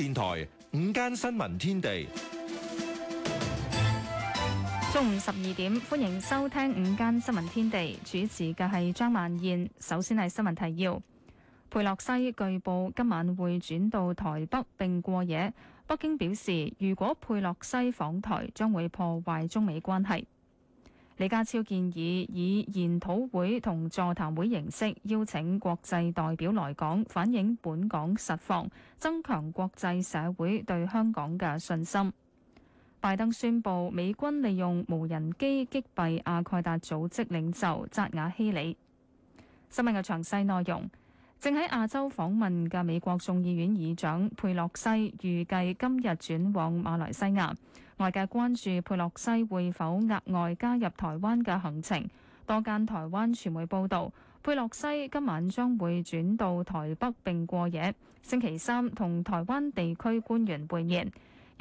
電台午間新聞天地，中午十二點歡迎收聽午間新聞天地，主持嘅係張曼燕。首先係新聞提要：佩洛西據報今晚會轉到台北並過夜，北京表示如果佩洛西訪台，將會破壞中美關係。李家超建議以研討會同座談會形式邀請國際代表來港，反映本港實況，增強國際社會對香港嘅信心。拜登宣布美軍利用無人機擊斃阿蓋達組織領袖扎瓦希里。新聞嘅詳細內容。正喺亞洲訪問嘅美國眾議院議長佩洛西，預計今日轉往馬來西亞。外界關注佩洛西會否額外加入台灣嘅行程。多間台灣傳媒報道，佩洛西今晚將會轉到台北並過夜，星期三同台灣地區官員會面。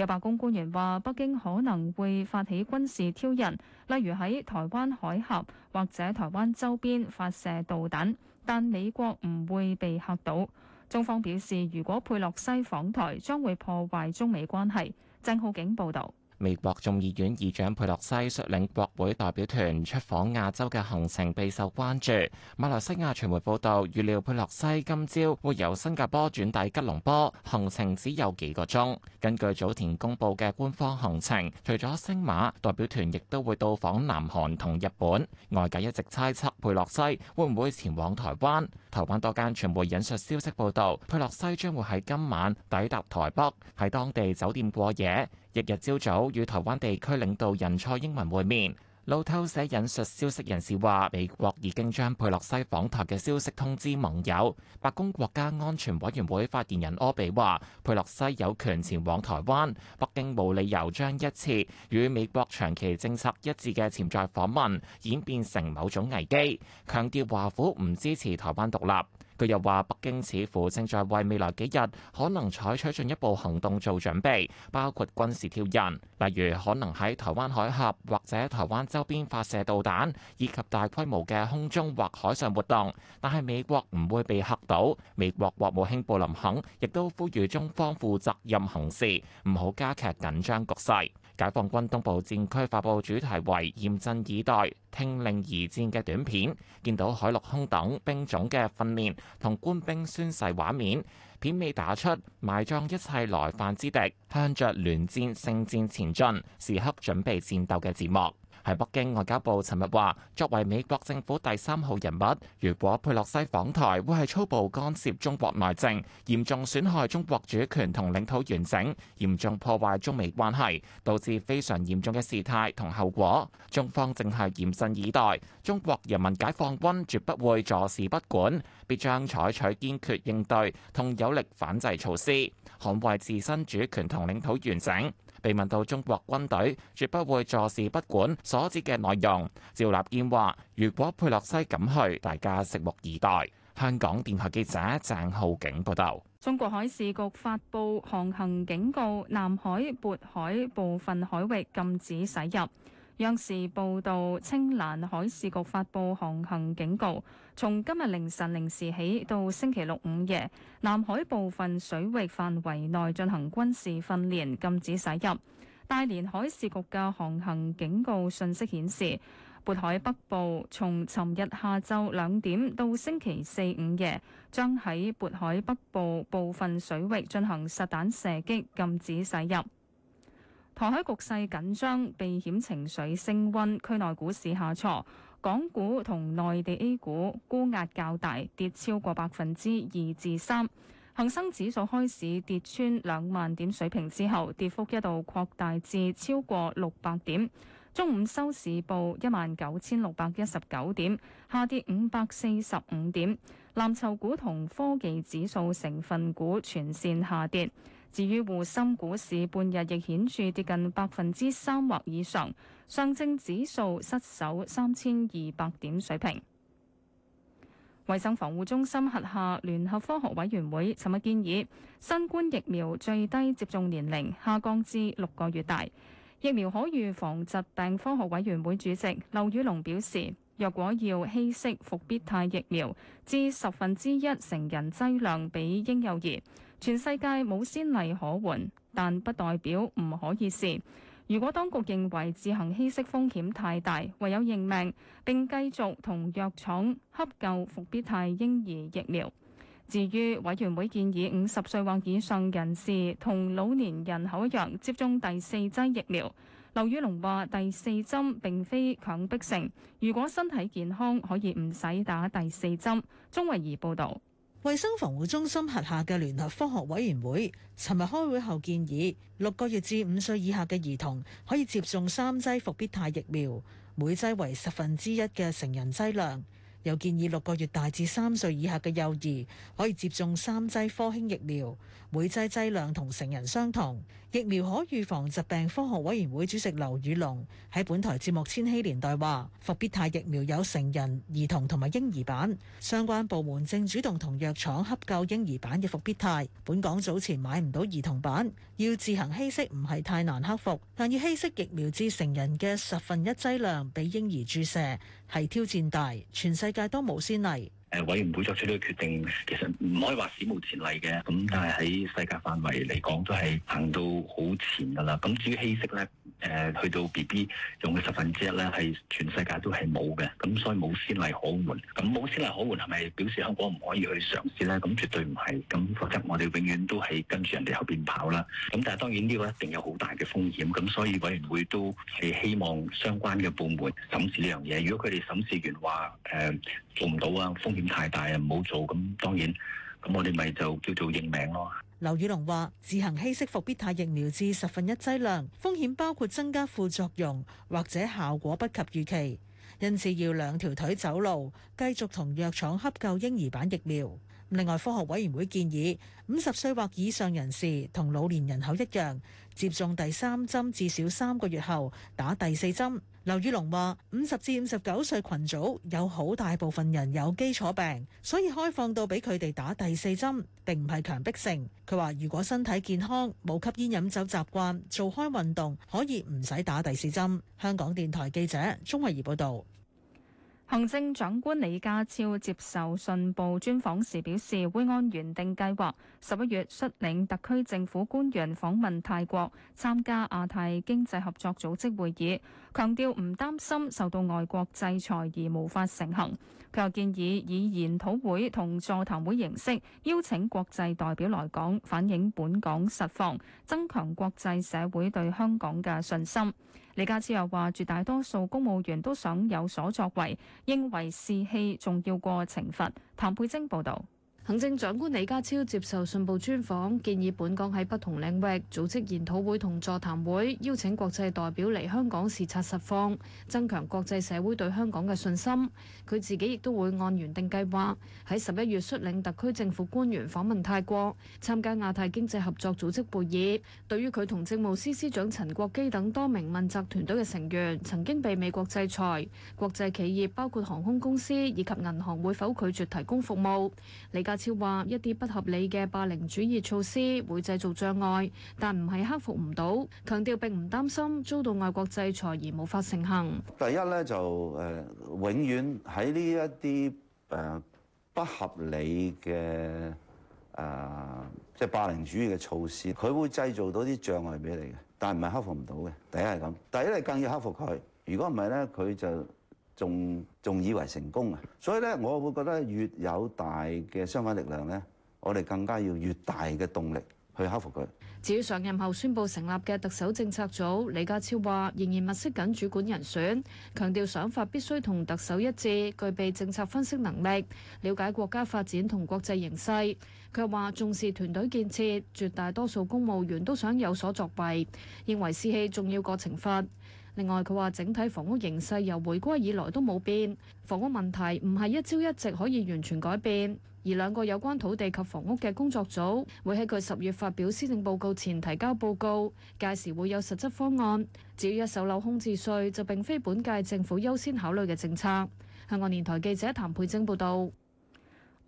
有白宮官員話，北京可能會發起軍事挑釁，例如喺台灣海峽或者台灣周邊發射導彈，但美國唔會被嚇到。中方表示，如果佩洛西訪台，將會破壞中美關係。鄭浩景報道。美國眾議院議長佩洛西率領國會代表團出訪亞洲嘅行程備受關注。馬來西亞傳媒報道，預料佩洛西今朝會由新加坡轉抵吉隆坡，行程只有幾個鐘。根據早前公布嘅官方行程，除咗星馬，代表團亦都會到訪南韓同日本。外界一直猜測佩洛西會唔會前往台灣。台灣多間傳媒引述消息報道，佩洛西將會喺今晚抵達台北，喺當地酒店過夜，翌日朝早與台灣地區領導人蔡英文會面。路透社引述消息人士話美國已經將佩洛西訪台嘅消息通知盟友。白宮國家安全委員會發言人柯比話，佩洛西有權前往台灣，北京冇理由將一次與美國長期政策一致嘅潛在訪問演變成某種危機，強調華府唔支持台灣獨立。佢又話：北京似乎正在為未來幾日可能採取進一步行動做準備，包括軍事挑釁，例如可能喺台灣海峽或者台灣周邊發射導彈，以及大規模嘅空中或海上活動。但係美國唔會被嚇到。美國國務卿布林肯亦都呼籲中方負責任行事，唔好加劇緊張局勢。解放軍東部戰區發布主題為“嚴陣以待，聽令而戰”嘅短片，見到海陸空等兵種嘅訓練同官兵宣誓畫面，片尾打出“埋葬一切來犯之敵，向着聯戰勝戰前進，時刻準備戰鬥”嘅字幕。喺北京外交部尋日話作為美國政府第三號人物，如果佩洛西訪台，會係粗暴干涉中國內政，嚴重損害中國主權同領土完整，嚴重破壞中美關係，導致非常嚴重嘅事態同後果。中方正係嚴陣以待，中國人民解放軍絕不會坐視不管。必將採取堅決應對同有力反制措施，捍衞自身主權同領土完整。被問到中國軍隊絕不會坐視不管所指嘅內容，趙立堅話：如果佩洛西敢去，大家拭目以待。香港電台記者鄭浩景報道，中國海事局發布航行警告，南海渤海部分海域禁止駛入。央視報道，青嵐海事局發佈航行警告，從今日凌晨零時起到星期六午夜，南海部分水域範圍內進行軍事訓練，禁止駛入。大連海事局嘅航行警告信息顯示，渤海北部從尋日下晝兩點到星期四午夜，將喺渤海北部部分水域進行實彈射擊，禁止駛入。台海局勢緊張，避險情緒升溫，區內股市下挫，港股同內地 A 股沽壓較大，跌超過百分之二至三。恒生指數開市跌穿兩萬點水平之後，跌幅一度擴大至超過六百點。中午收市報一萬九千六百一十九點，下跌五百四十五點。藍籌股同科技指數成分股全線下跌。至於滬深股市半日亦顯著跌近百分之三或以上，上證指數失守三千二百點水平。衛生防護中心轄下聯合科學委員會尋日建議，新冠疫苗最低接種年齡下降至六個月大。疫苗可預防疾病科學委員會主席劉宇龍表示，若果要稀釋復必泰疫苗至十分之一成人劑量俾嬰幼兒。全世界冇先例可援，但不代表唔可以試。如果當局認為自行稀釋風險太大，唯有認命並繼續同藥廠洽購復必泰嬰兒疫苗。至於委員會建議五十歲或以上人士同老年人口一樣接種第四劑疫苗，劉宇龍話第四針並非強迫性，如果身體健康可以唔使打第四針，鍾慧怡報道。衛生防護中心轄下嘅聯合科學委員會，尋日開會後建議，六個月至五歲以下嘅兒童可以接種三劑復必泰疫苗，每劑為十分之一嘅成人劑量。又建議六個月大至三歲以下嘅幼兒可以接種三劑科興疫苗，每劑劑量同成人相同。疫苗可預防疾病科學委員會主席劉宇龍喺本台節目《千禧年代》話：復必泰疫苗有成人、兒童同埋嬰兒版，相關部門正主動同藥廠洽購嬰兒版嘅復必泰。本港早前買唔到兒童版，要自行稀釋唔係太難克服，但要稀釋疫苗至成人嘅十分一劑量俾嬰兒注射。係挑戰大，全世界都無先例。誒委員會作出呢個決定，其實唔可以話史無前例嘅，咁但係喺世界範圍嚟講，都係行到好前㗎喇。咁至於稀釋咧？誒去到 BB 用嘅十分之一咧，係全世界都係冇嘅，咁所以冇先例可換。咁冇先例可換係咪表示香港唔可以去嘗試咧？咁絕對唔係。咁否則我哋永遠都係跟住人哋後面跑啦。咁但係當然呢個一定有好大嘅風險。咁所以委員會都係希望相關嘅部門審視呢樣嘢。如果佢哋審視完話誒、呃、做唔到啊，風險太大啊，唔好做。咁當然咁我哋咪就叫做認命咯。劉宇龍話：自行稀釋復必泰疫苗至十分一劑量，風險包括增加副作用或者效果不及預期。因此要兩條腿走路，繼續同藥廠洽購嬰兒版疫苗。另外，科學委員會建議，五十歲或以上人士同老年人口一樣，接種第三針至少三個月後打第四針。劉宇龍話：五十至五十九歲群組有好大部分人有基礎病，所以開放到俾佢哋打第四針，並唔係強迫性。佢話如果身體健康、冇吸煙飲酒習慣、做開運動，可以唔使打第四針。香港電台記者鍾慧儀報道。行政長官李家超接受信報專訪時表示，會按原定計劃十一月率領特區政府官員訪問泰國，參加亞太經濟合作組織會議，強調唔擔心受到外國制裁而無法成行。佢又建議以研討會同座談會形式邀請國際代表來港反映本港實況，增強國際社會對香港嘅信心。李家超又話：絕大多數公務員都想有所作為，認為士氣重要過懲罰。譚佩晶報導。行政長官李家超接受信報專訪，建議本港喺不同領域組織研討會同座談會，邀請國際代表嚟香港視察實況，增強國際社會對香港嘅信心。佢自己亦都會按原定計劃喺十一月率領特區政府官員訪問泰國，參加亞太經濟合作組織會議。對於佢同政務司司長陳國基等多名問責團隊嘅成員曾經被美國制裁，國際企業包括航空公司以及銀行會否拒絕提供服務？李家超話一啲不合理嘅霸凌主義措施會製造障礙，但唔係克服唔到。強調並唔擔心遭到外國制裁而無法成行。第一咧就誒、呃，永遠喺呢一啲誒、呃、不合理嘅誒、呃，即係霸凌主義嘅措施，佢會製造到啲障礙俾你嘅，但唔係克服唔到嘅。第一係咁，第一你更要克服佢。如果唔係咧，佢就仲仲以為成功啊！所以咧，我會覺得越有大嘅相反力量咧，我哋更加要越大嘅動力去克服佢。至於上任後宣布成立嘅特首政策組，李家超話仍然物色緊主管人選，強調想法必須同特首一致，具備政策分析能力，瞭解國家發展同國際形勢。佢話重視團隊建設，絕大多數公務員都想有所作為，認為士氣重要過懲罰。另外，佢話整體房屋形勢由回歸以來都冇變，房屋問題唔係一朝一夕可以完全改變。而兩個有關土地及房屋嘅工作組會喺佢十月發表施政報告前提交報告，屆時會有實質方案。至於一手樓空置稅，就並非本屆政府優先考慮嘅政策。香港電台記者譚佩晶報道。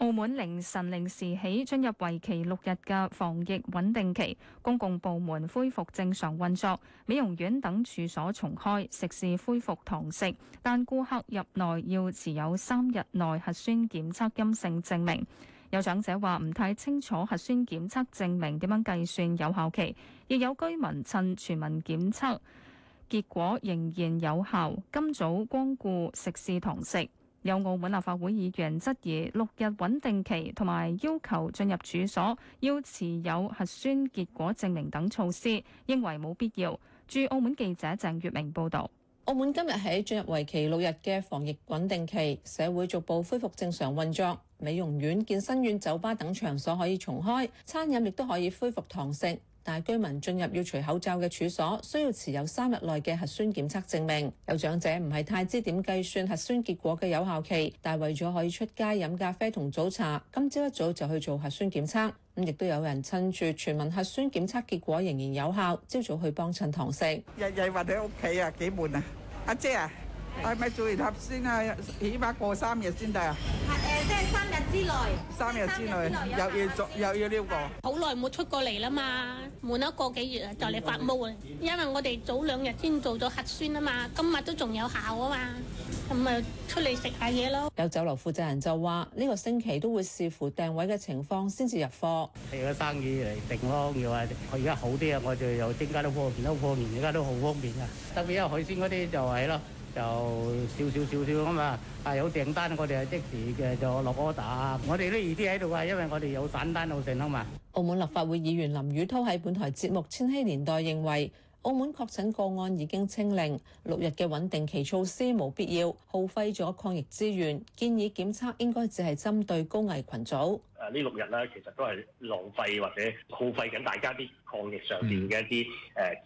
澳門凌晨零時起進入為期六日嘅防疫穩定期，公共部門恢復正常運作，美容院等處所重開，食肆恢復堂食，但顧客入內要持有三日內核酸檢測陰性證明。有長者話唔太清楚核酸檢測證明點樣計算有效期，亦有居民趁全民檢測結果仍然有效，今早光顧食肆堂食。有澳門立法會議員質疑六日穩定期同埋要求進入處所要持有核酸結果證明等措施，認為冇必要。駐澳門記者鄭月明報導。澳門今日起進入為期六日嘅防疫穩定期，社會逐步恢復正常運作，美容院、健身院、酒吧等場所可以重開，餐飲亦都可以恢復堂食。但居民進入要除口罩嘅處所，需要持有三日內嘅核酸檢測證明。有長者唔係太知點計算核酸結果嘅有效期，但係為咗可以出街飲咖啡同早茶，今朝一早就去做核酸檢測。咁亦都有人趁住全民核酸檢測結果仍然有效，朝早去幫襯堂食。日日韞喺屋企啊，幾悶啊！阿姐姐啊！係咪做完核酸啊？起碼過三日先得啊！係誒，即係三日之內。三日之內又要再又要撩過。好耐冇出過嚟啦嘛，悶一個幾月啊，就嚟發毛啊！因為我哋早兩日先做咗核酸啊嘛，今日都仲有效啊嘛，咁咪出嚟食下嘢咯。有酒樓負責人就話：呢個星期都會視乎訂位嘅情況先至入貨。係個生意嚟定咯，而家我而家好啲啊！我就又增加啲貨源啦，貨源而家都好方便噶，特別有海鮮嗰啲就係咯。就少少少少啊嘛，係有訂單，我哋啊即時嘅就落 order 啊！我哋都預啲喺度啊，因為我哋有散單路成啊嘛。澳門立法會議員林宇滔喺本台節目《千禧年代》認為，澳門確診個案已經清零，六日嘅穩定期措施冇必要，耗費咗抗疫資源，建議檢測應該只係針對高危群組。誒呢六日啦，其實都係浪費或者耗費緊大家啲抗疫上面嘅一啲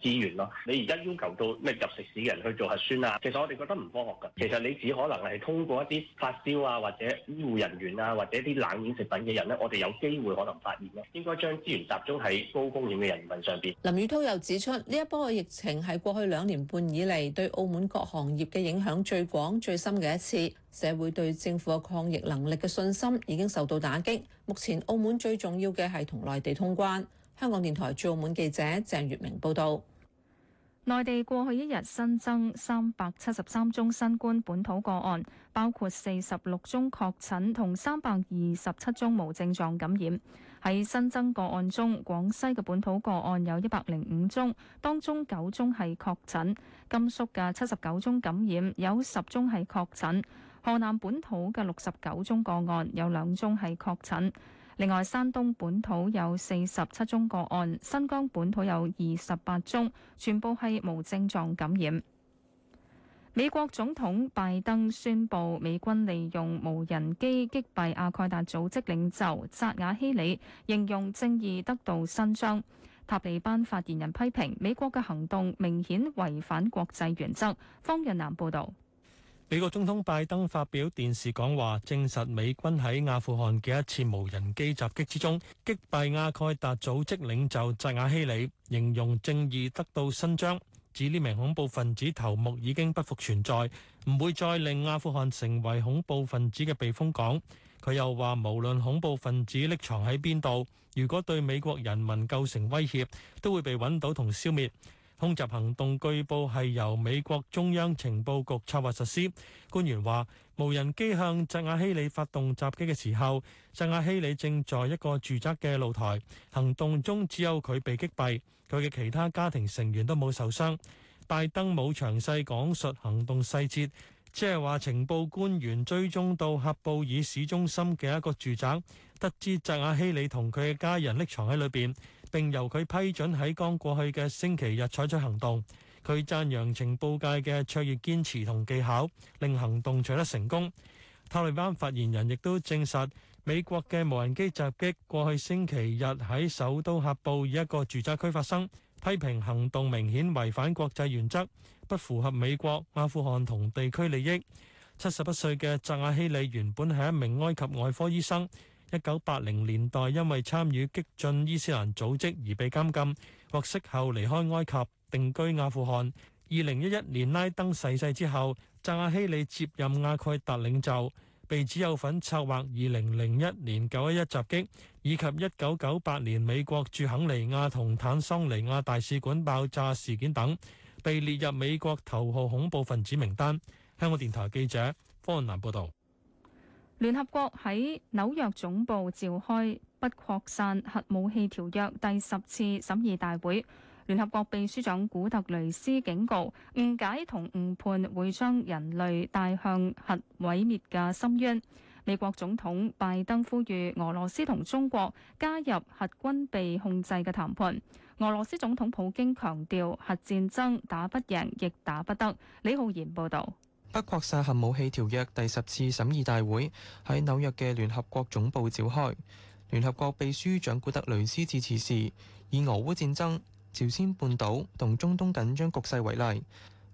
誒資源咯。嗯、你而家要求到咩入食市嘅人去做核酸啊？其實我哋覺得唔科學㗎。其實你只可能係通過一啲發燒啊，或者醫護人員啊，或者啲冷鏈食品嘅人咧，我哋有機會可能發現囉。應該將資源集中喺高風險嘅人民上邊。林宇滔又指出，呢一波嘅疫情係過去兩年半以嚟對澳門各行業嘅影響最廣最深嘅一次。社會對政府嘅抗疫能力嘅信心已經受到打擊。目前澳門最重要嘅係同內地通關。香港電台駐澳門記者鄭月明報導，內地過去一日新增三百七十三宗新冠本土個案，包括四十六宗確診同三百二十七宗無症狀感染。喺新增個案中，廣西嘅本土個案有一百零五宗，當中九宗係確診，甘肅嘅七十九宗感染有十宗係確診。河南本土嘅六十九宗個案有兩宗係確診，另外山東本土有四十七宗個案，新疆本土有二十八宗，全部係無症狀感染。美國總統拜登宣布美軍利用無人機擊斃阿蓋達組織領袖扎瓦希里，形容正義得到伸張。塔利班發言人批評美國嘅行動明顯違反國際原則，方潤南報道。美國總統拜登發表電視講話，證實美軍喺阿富汗嘅一次無人機襲擊之中擊敗阿蓋達組織領袖扎瓦希里，形容正義得到伸張，指呢名恐怖分子頭目已經不復存在，唔會再令阿富汗成為恐怖分子嘅避風港。佢又話，無論恐怖分子匿藏喺邊度，如果對美國人民構成威脅，都會被搵到同消滅。空襲行動據報係由美國中央情報局策劃實施。官員話，無人機向扎瓦希里發動襲擊嘅時候，扎瓦希里正在一個住宅嘅露台。行動中只有佢被擊斃，佢嘅其他家庭成員都冇受傷。拜登冇詳細講述行動細節，只係話情報官員追蹤到喀布爾市中心嘅一個住宅，得知扎瓦希里同佢嘅家人匿藏喺裏邊。並由佢批准喺剛過去嘅星期日採取行動。佢讚揚情報界嘅卓越堅持同技巧，令行動取得成功。塔利班發言人亦都證實美國嘅無人機襲擊過去星期日喺首都喀布爾一個住宅區發生，批評行動明顯違反國際原則，不符合美國、阿富汗同地區利益。七十一歲嘅扎瓦希里原本係一名埃及外科醫生。一九八零年代因為參與激進伊斯蘭組織而被監禁，獲釋後離開埃及定居阿富汗。二零一一年拉登逝世之後，扎希里接任阿蓋達領袖，被指有份策劃二零零一年九一一襲擊，以及一九九八年美國駐肯尼亞同坦桑尼亞大使館爆炸事件等，被列入美國頭號恐怖分子名單。香港電台記者方南報道。聯合國喺紐約總部召開《不擴散核武器條約》第十次審議大會，聯合國秘書長古特雷斯警告，誤解同誤判會將人類帶向核毀滅嘅深淵。美國總統拜登呼籲俄羅斯同中國加入核軍備控制嘅談判。俄羅斯總統普京強調，核戰爭打不贏，亦打不得。李浩然報導。不擴散核武器條約第十次審議大會喺紐約嘅聯合國總部召開。聯合國秘書長古特雷斯致辭時，以俄烏戰爭、朝鮮半島同中東緊張局勢為例，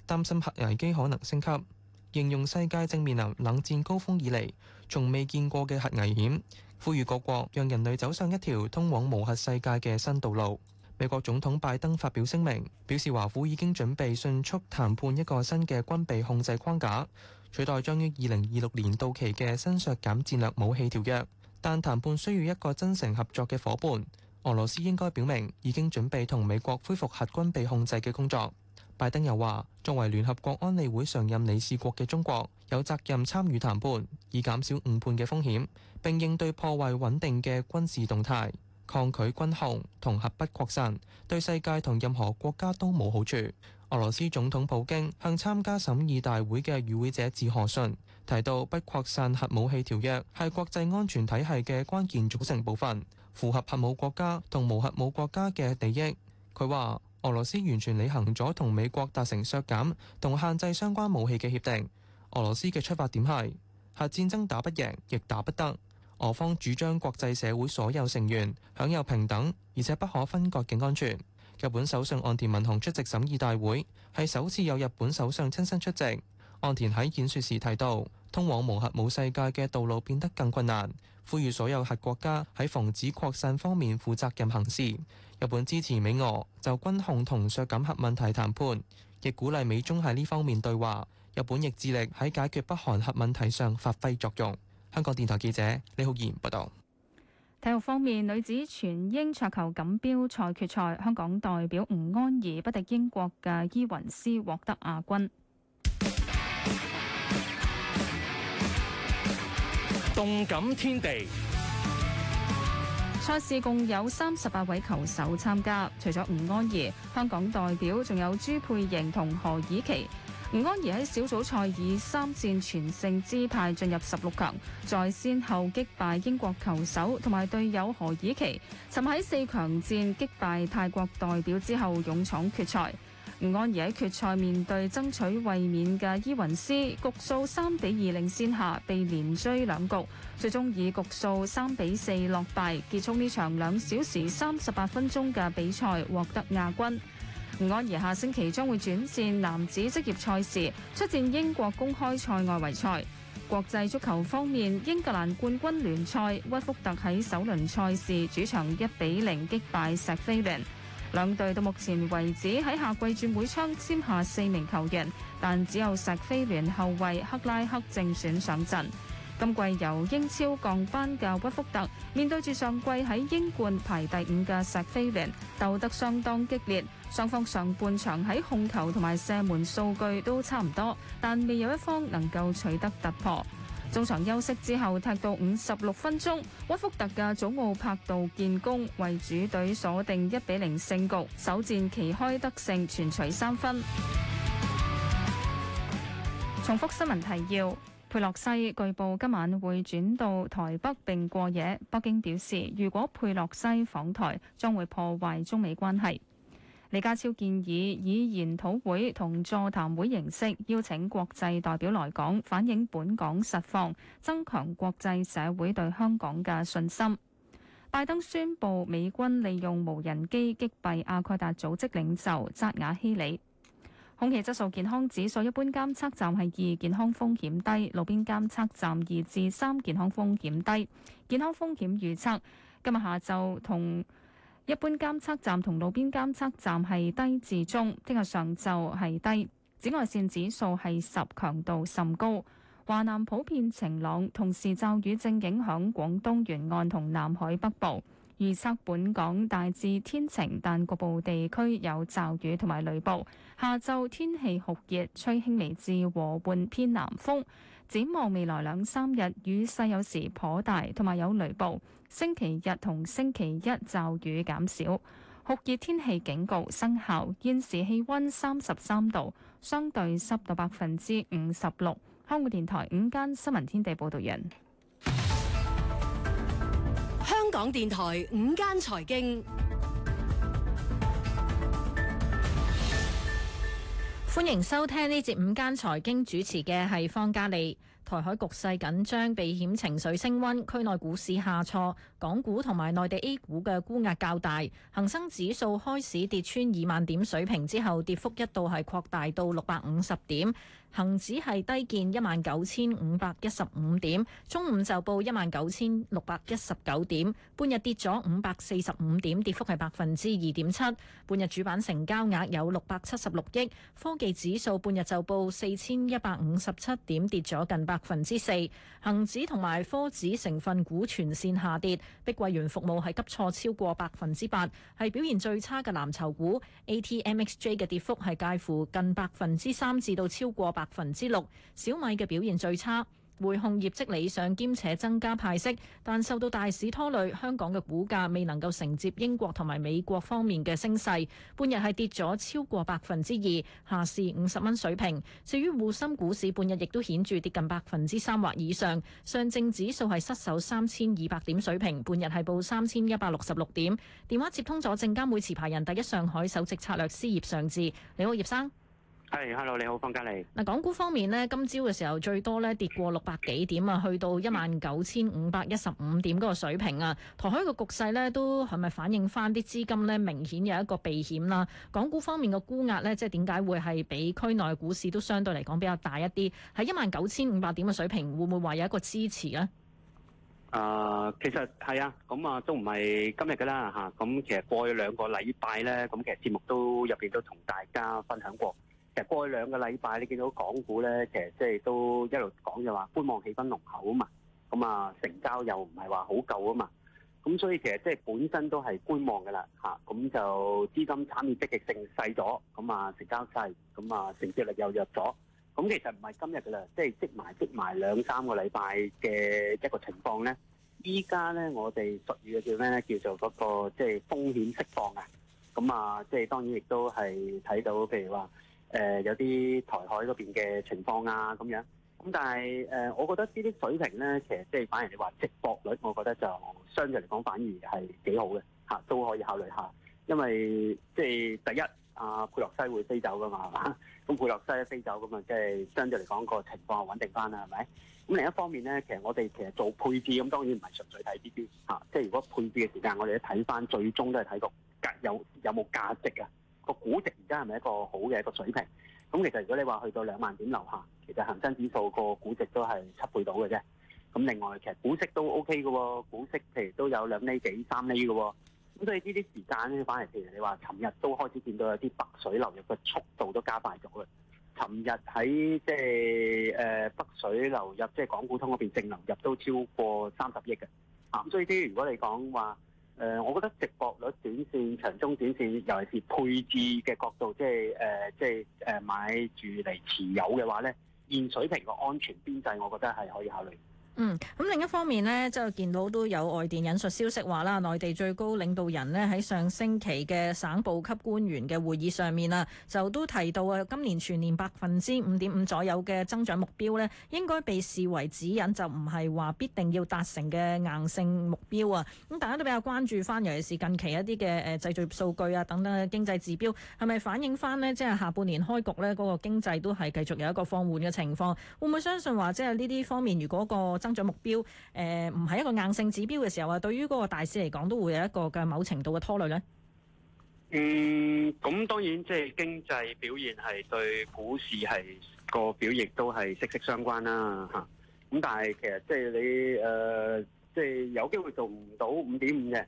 擔心核危機可能升級，形容世界正面臨冷戰高峰以嚟從未見過嘅核危險，呼籲各國讓人類走上一條通往無核世界嘅新道路。美國總統拜登發表聲明，表示華府已經準備迅速談判一個新嘅軍備控制框架，取代將於二零二六年到期嘅新削減戰略武器條約。但談判需要一個真誠合作嘅伙伴，俄羅斯應該表明已經準備同美國恢復核軍備控制嘅工作。拜登又話：作為聯合國安理會常任理事國嘅中國，有責任參與談判，以減少誤判嘅風險，並應對破壞穩定嘅軍事動態。抗拒軍控同核不擴散，對世界同任何國家都冇好處。俄羅斯總統普京向參加審議大會嘅與會者致賀信，提到不擴散核武器條約係國際安全體系嘅關鍵組成部分，符合核武國家同無核武國家嘅利益。佢話：俄羅斯完全履行咗同美國達成削減同限制相關武器嘅協定。俄羅斯嘅出發點係核戰爭打不贏，亦打不得。俄方主張國際社會所有成員享有平等，而且不可分割嘅安全。日本首相岸田文雄出席審議大會，係首次有日本首相親身出席。岸田喺演説時提到，通往無核武世界嘅道路變得更困難，呼籲所有核國家喺防止擴散方面負責任行事。日本支持美俄就軍控同削減核問題談判，亦鼓勵美中喺呢方面對話。日本亦致力喺解決北韓核問題上發揮作用。香港電台記者李浩然報道。體育方面，女子全英桌球錦標賽決賽，香港代表吳安儀不敵英國嘅伊雲斯，獲得亞軍。動感天地，賽事共有三十八位球手參加，除咗吳安儀，香港代表仲有朱佩瑩同何以琪。吳安儀喺小組賽以三戰全勝姿態進入十六強，再先後擊敗英國球手同埋隊友何以琪，尋日喺四強戰擊敗泰國代表之後勇闖決賽。吳安儀喺決賽面對爭取衛冕嘅伊雲斯，局數三比二領先下被連追兩局，最終以局數三比四落敗，結束呢場兩小時三十八分鐘嘅比賽，獲得亞軍。安而下星期將會轉戰男子職業賽事，出戰英國公開賽外圍賽。國際足球方面，英格蘭冠軍聯賽屈福特喺首輪賽事主場一比零擊敗石飛聯，兩隊到目前為止喺夏季轉會窗簽下四名球員，但只有石飛聯後衛克拉克正選上陣。今季由英超降班嘅屈福特面對住上季喺英冠排第五嘅謝菲聯，鬥得相當激烈。雙方上半場喺控球同埋射門數據都差唔多，但未有一方能夠取得突破。中場休息之後踢到五十六分鐘，屈福特嘅祖奧柏度建功，為主隊鎖定一比零勝局，首戰旗開得勝，全取三分。重複新聞提要。佩洛西據報今晚會轉到台北並過夜。北京表示，如果佩洛西訪台，將會破壞中美關係。李家超建議以研討會同座談會形式邀請國際代表來港，反映本港實況，增強國際社會對香港嘅信心。拜登宣布美軍利用無人機擊斃阿蓋達組織領袖扎瓦希里。空氣質素健康指數一般監測站係二，健康風險低；路邊監測站二至三，健康風險低。健康風險預測今日下晝同一般監測站同路邊監測站係低至中，聽日上晝係低。紫外線指數係十，強度甚高。華南普遍晴朗，同時驟雨正影響廣東沿岸同南海北部。預測本港大致天晴，但局部地區有驟雨同埋雷暴。下晝天氣酷熱，吹輕微至和緩偏南風。展望未來兩三日，雨勢有時頗大，同埋有雷暴。星期日同星期一驟雨減少，酷熱天氣警告生效。現時氣溫三十三度，相對濕度百分之五十六。香港電台午間新聞天地報道完。香港電台午間財經，歡迎收聽呢節午間財經，主持嘅係方嘉利。台海局勢緊張，避險情緒升温，區內股市下挫，港股同埋內地 A 股嘅沽壓較大。恒生指數開始跌穿二萬點水平之後，跌幅一度係擴大到六百五十點。恒指係低見一萬九千五百一十五點，中午就報一萬九千六百一十九點，半日跌咗五百四十五點，跌幅係百分之二點七。半日主板成交額有六百七十六億。科技指數半日就報四千一百五十七點，跌咗近百分之四。恒指同埋科指成分股全線下跌，碧桂園服務係急挫超過百分之八，係表現最差嘅藍籌股。ATMXJ 嘅跌幅係介乎近百分之三至到超過百百分之六，小米嘅表現最差，匯控業績理想，兼且增加派息，但受到大市拖累，香港嘅股價未能夠承接英國同埋美國方面嘅升勢，半日係跌咗超過百分之二，下市五十蚊水平。至於滬深股市，半日亦都顯著跌近百分之三或以上，上證指數係失守三千二百點水平，半日係報三千一百六十六點。電話接通咗證監會持牌人第一上海首席策略師葉尚志，你好，葉生。係，hello，你好，方嘉利。嗱，港股方面咧，今朝嘅時候最多咧跌過六百幾點啊，去到一萬九千五百一十五點嗰個水平啊。台海個局勢咧，都係咪反映翻啲資金咧明顯有一個避險啦？港股方面嘅沽壓咧，即係點解會係比區內股市都相對嚟講比較大一啲？喺一萬九千五百點嘅水平，會唔會話有一個支持咧？誒、呃，其實係啊，咁啊都唔係今日噶啦吓。咁其實過去兩個禮拜咧，咁其實節目面都入邊都同大家分享過。其實過去兩個禮拜，你見到港股咧，其實即係都一路講就話觀望氣氛濃厚啊嘛，咁啊成交又唔係話好夠啊嘛，咁所以其實即係本身都係觀望噶啦嚇，咁就資金參與積極性細咗，咁啊成交細，咁啊成交率又弱咗，咁其實唔係今日噶啦，即係積埋積埋兩三個禮拜嘅一個情況咧，依家咧我哋俗語嘅叫咩咧，叫做嗰個即係風險釋放啊，咁啊即係當然亦都係睇到譬如話。誒、呃、有啲台海嗰邊嘅情況啊，咁樣咁，但係誒、呃，我覺得呢啲水平咧，其實即係反而你話值搏率，我覺得就相對嚟講反而係幾好嘅嚇、啊，都可以考慮下。因為即係、就是、第一，阿、啊、佩洛西會飛走噶嘛，咁、啊、佩洛西飛走咁嘛，即係相對嚟講個情況穩定翻啦，係咪？咁另一方面咧，其實我哋其實做配置咁，當然唔係純粹睇 B B 嚇、啊，即係如果配置嘅時間，我哋都睇翻最終都係睇個價有有冇價值啊。個估值而家係咪一個好嘅一個水平？咁其實如果你話去到兩萬點樓下，其實恒生指數個估值都係七倍到嘅啫。咁另外其實股息都 OK 嘅喎、哦，股息譬如都有兩厘幾三厘嘅喎、哦。咁所以呢啲時間咧，反而其實你話尋日都開始見到有啲北水流入嘅速度都加快咗啦。尋日喺即係誒北水流入即係、就是、港股通嗰邊淨流入都超過三十億嘅。啊，咁所以啲如果你講話，誒，我覺得直播率短綫，長中短綫，尤其是配置嘅角度，即係誒、呃，即係誒買住嚟持有嘅話咧，現水平嘅安全邊際，我覺得係可以考慮。嗯，咁另一方面咧，即係見到都有外電引述消息話啦，內地最高領導人咧喺上星期嘅省部級官員嘅會議上面啊，就都提到啊，今年全年百分之五點五左右嘅增長目標咧，應該被視為指引，就唔係話必定要達成嘅硬性目標啊。咁大家都比較關注翻，尤其是近期一啲嘅誒製造業數據啊等等嘅經濟指標，係咪反映翻呢？即係下半年開局呢嗰個經濟都係繼續有一個放緩嘅情況？會唔會相信話，即係呢啲方面如果個？增長目標誒，唔、呃、係一個硬性指標嘅時候啊，對於嗰個大市嚟講，都會有一個嘅某程度嘅拖累咧。嗯，咁當然即係經濟表現係對股市係個表現都係息息相關啦。吓、啊，咁但係其實即係你誒、即、呃、係、就是、有機會做唔到五點五嘅，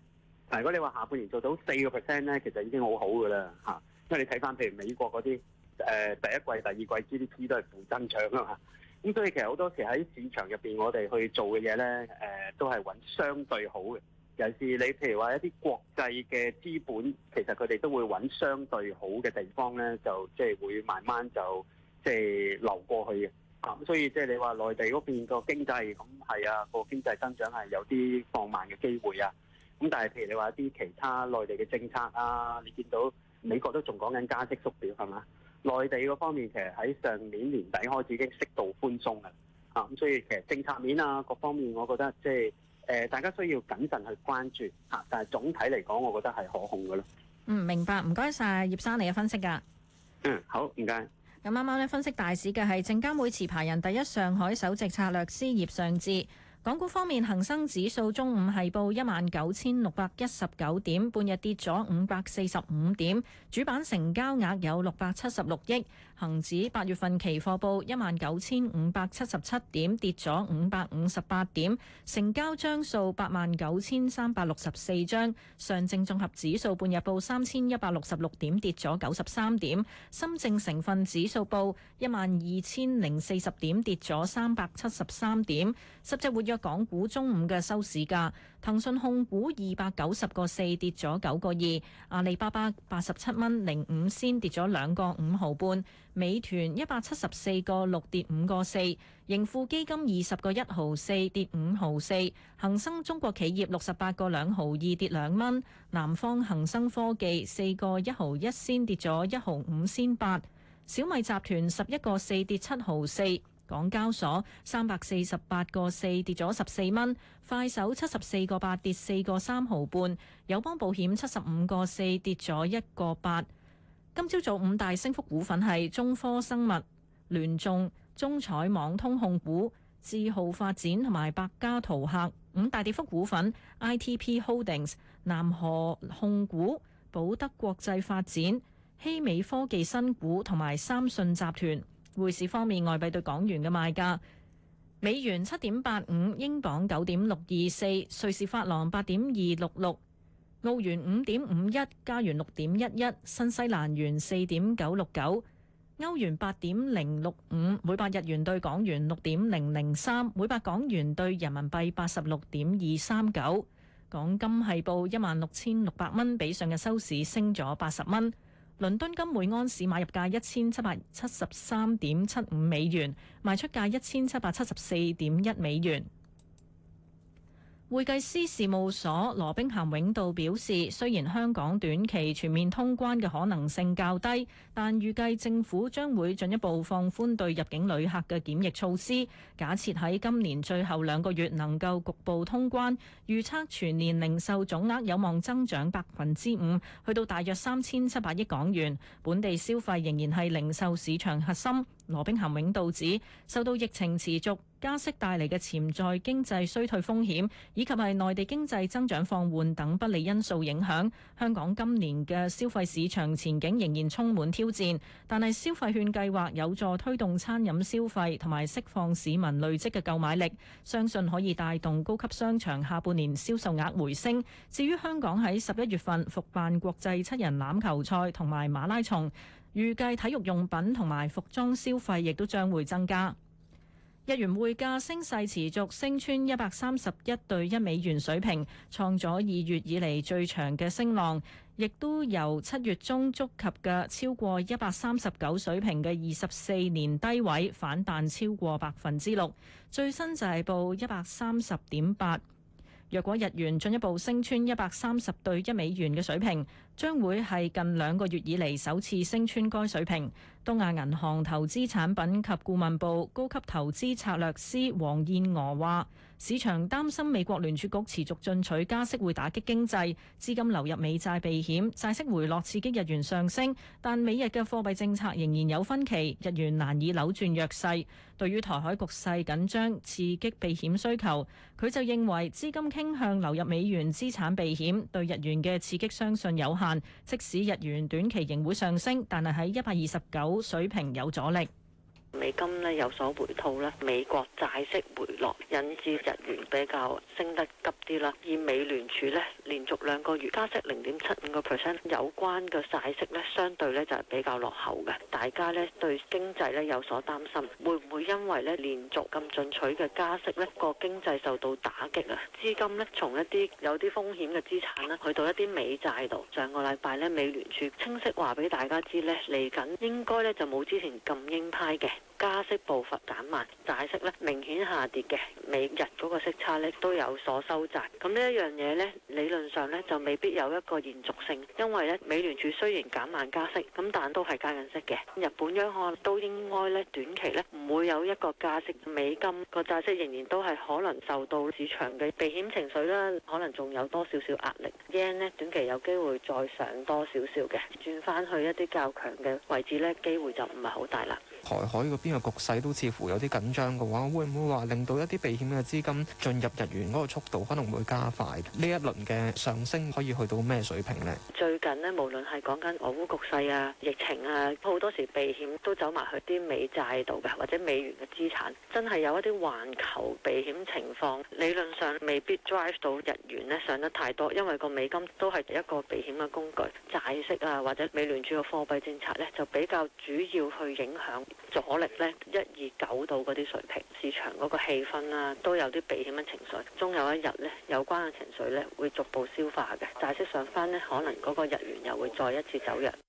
但如果你話下半年做到四個 percent 咧，其實已經好好噶啦吓。因為你睇翻譬如美國嗰啲誒，第一季、第二季 GDP 都係負增長啊嘛。咁所以其實好多時喺市場入邊，我哋去做嘅嘢咧，誒、呃、都係揾相對好嘅。尤其是你譬如話一啲國際嘅資本，其實佢哋都會揾相對好嘅地方咧，就即係會慢慢就即係流過去嘅。咁、啊、所以即係你話內地嗰邊個經濟，咁、嗯、係啊個經濟增長係有啲放慢嘅機會啊。咁但係譬如你話一啲其他內地嘅政策啊，你見到美國都仲講緊加息縮表係嘛？內地嗰方面其實喺上年年底開始已經適度寬鬆嘅，啊咁所以其實政策面啊各方面，我覺得即係誒大家需要謹慎去關注，吓、啊。但係總體嚟講，我覺得係可控嘅咯。嗯，明白，唔該晒葉生你嘅分析㗎、啊。嗯，好唔該。咁啱啱咧分析大市嘅係證監會持牌人第一上海首席策略師葉尚志。港股方面，恒生指數中午係報一萬九千六百一十九點，半日跌咗五百四十五點，主板成交額有六百七十六億。恒指八月份期貨報一萬九千五百七十七點，跌咗五百五十八點，成交張數八萬九千三百六十四張。上證綜合指數半日報三千一百六十六點，跌咗九十三點。深證成分指數報一萬二千零四十點，跌咗三百七十三點。十隻活躍港股中午嘅收市價，騰訊控股二百九十個四跌咗九個二，阿里巴巴八十七蚊零五仙跌咗兩個五毫半，美團一百七十四個六跌五個四，盈富基金二十個一毫四跌五毫四，恒生中國企業六十八個兩毫二跌兩蚊，南方恒生科技四個一毫一先跌咗一毫五先八，小米集團十一個四跌七毫四。港交所三百四十八個四跌咗十四蚊，快手七十四個八跌四個三毫半，友邦保險七十五個四跌咗一個八。今朝早五大升幅股份係中科生物、聯眾、中彩網通控股、智豪發展同埋百家淘客。五大跌幅股份：ITP Holdings、IT Hold ings, 南河控股、寶德國際發展、希美科技新股同埋三信集團。匯市方面，外幣對港元嘅賣價：美元七點八五，英鎊九點六二四，瑞士法郎八點二六六，澳元五點五一，加元六點一一，新西蘭元四點九六九，歐元八點零六五，每百日元對港元六點零零三，每百港元對人民幣八十六點二三九。港金係報一萬六千六百蚊，比上日收市升咗八十蚊。倫敦金每安士買入價一千七百七十三點七五美元，賣出價一千七百七十四點一美元。會計師事務所羅兵咸永道表示，雖然香港短期全面通關嘅可能性較低，但預計政府將會進一步放寬對入境旅客嘅檢疫措施。假設喺今年最後兩個月能夠局部通關，預測全年零售總額有望增長百分之五，去到大約三千七百億港元。本地消費仍然係零售市場核心。羅兵咸永道指，受到疫情持續加息帶嚟嘅潛在經濟衰退風險，以及係內地經濟增長放緩等不利因素影響，香港今年嘅消費市場前景仍然充滿挑戰。但係消費券計劃有助推動餐飲消費，同埋釋放市民累積嘅購買力，相信可以帶動高級商場下半年銷售額回升。至於香港喺十一月份復辦國際七人欖球賽同埋馬拉松。預計體育用品同埋服裝消費亦都將會增加。日元匯價升勢持續，升穿一百三十一對一美元水平，創咗二月以嚟最長嘅升浪，亦都由七月中觸及嘅超過一百三十九水平嘅二十四年低位反彈超過百分之六，最新就係報一百三十點八。若果日元進一步升穿一百三十對一美元嘅水平，將會係近兩個月以嚟首次升穿該水平。東亞銀行投資產品及顧問部高級投資策略師黃燕娥話：市場擔心美國聯儲局持續進取加息會打擊經濟，資金流入美債避險，債息回落刺激日元上升。但美日嘅貨幣政策仍然有分歧，日元難以扭轉弱勢。對於台海局勢緊張刺激避險需求，佢就認為資金傾向流入美元資產避險，對日元嘅刺激相信有限。即使日元短期仍會上升，但係喺一百二十九水平有阻力。美金咧有所回吐啦，美國債息回落，引致日元比較升得急啲啦。而美聯儲咧連續兩個月加息零點七五個 percent，有關嘅債息咧相對咧就係比較落後嘅。大家咧對經濟咧有所擔心，會唔會因為咧連續咁進取嘅加息咧個經濟受到打擊啊？資金咧從一啲有啲風險嘅資產啦去到一啲美債度。上個禮拜咧美聯儲清晰話俾大家知咧嚟緊應該咧就冇之前咁鷹派嘅。加息步伐減慢，債息咧明顯下跌嘅，美日嗰個息差咧都有所收窄。咁呢一樣嘢呢，理論上呢，就未必有一個延續性，因為呢，美聯儲雖然減慢加息，咁但都係加緊息嘅。日本央行都應該呢，短期呢唔會有一個加息，美金個債息仍然都係可能受到市場嘅避險情緒啦，可能仲有多少少壓力。yen 咧，短期有機會再上多少少嘅，轉翻去一啲較強嘅位置呢，機會就唔係好大啦。台海嗰邊嘅局勢都似乎有啲緊張嘅話，會唔會話令到一啲避險嘅資金進入日元嗰個速度可能會加快？呢一輪嘅上升可以去到咩水平咧？最近咧，無論係講緊俄烏局勢啊、疫情啊，好多時避險都走埋去啲美債度嘅，或者美元嘅資產，真係有一啲環球避險情況，理論上未必 drive 到日元咧上得太多，因為個美金都係一個避險嘅工具，債息啊或者美聯儲嘅貨幣政策咧就比較主要去影響。阻力咧一二九度嗰啲水平，市場嗰個氣氛啦、啊，都有啲避險嘅情緒。終有一日咧，有關嘅情緒咧，會逐步消化嘅。大息上翻咧，可能嗰個日元又會再一次走弱。